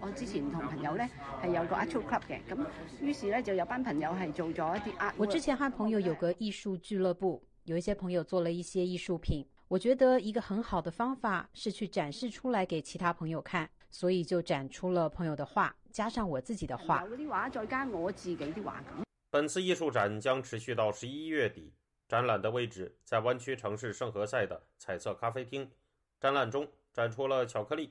我之前同朋友呢，係有個 art club 嘅，咁於是呢，就有班朋友係做咗一啲 art 我之前和朋友有個藝術俱樂部，有一些朋友做了一些藝術品。我覺得一個很好的方法是去展示出來給其他朋友看，所以就展出了朋友的畫，加上我自己的畫。啲畫再加我自己的畫。本次藝術展將持續到十一月底，展覽的位置在灣區城市聖何塞的彩色咖啡廳。展覽中展出了巧克力。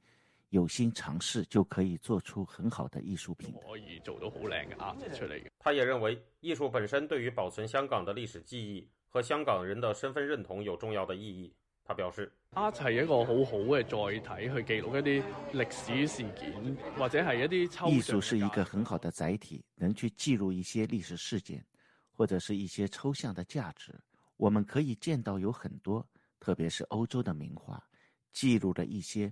有心嘗試就可以做出很好的藝術品。可以做到好靚嘅啊！他也認為，藝術本身對於保存香港的歷史記憶和香港人的身份認同有重要的意義。他表示，它係一個好好嘅載體，去記錄一啲歷史事件，或者係一啲抽象。藝術是一個很好的載體，能去記錄一些歷史事件，或者是一些抽象的價值。我們可以見到有很多，特別是歐洲的名畫，記錄了一些。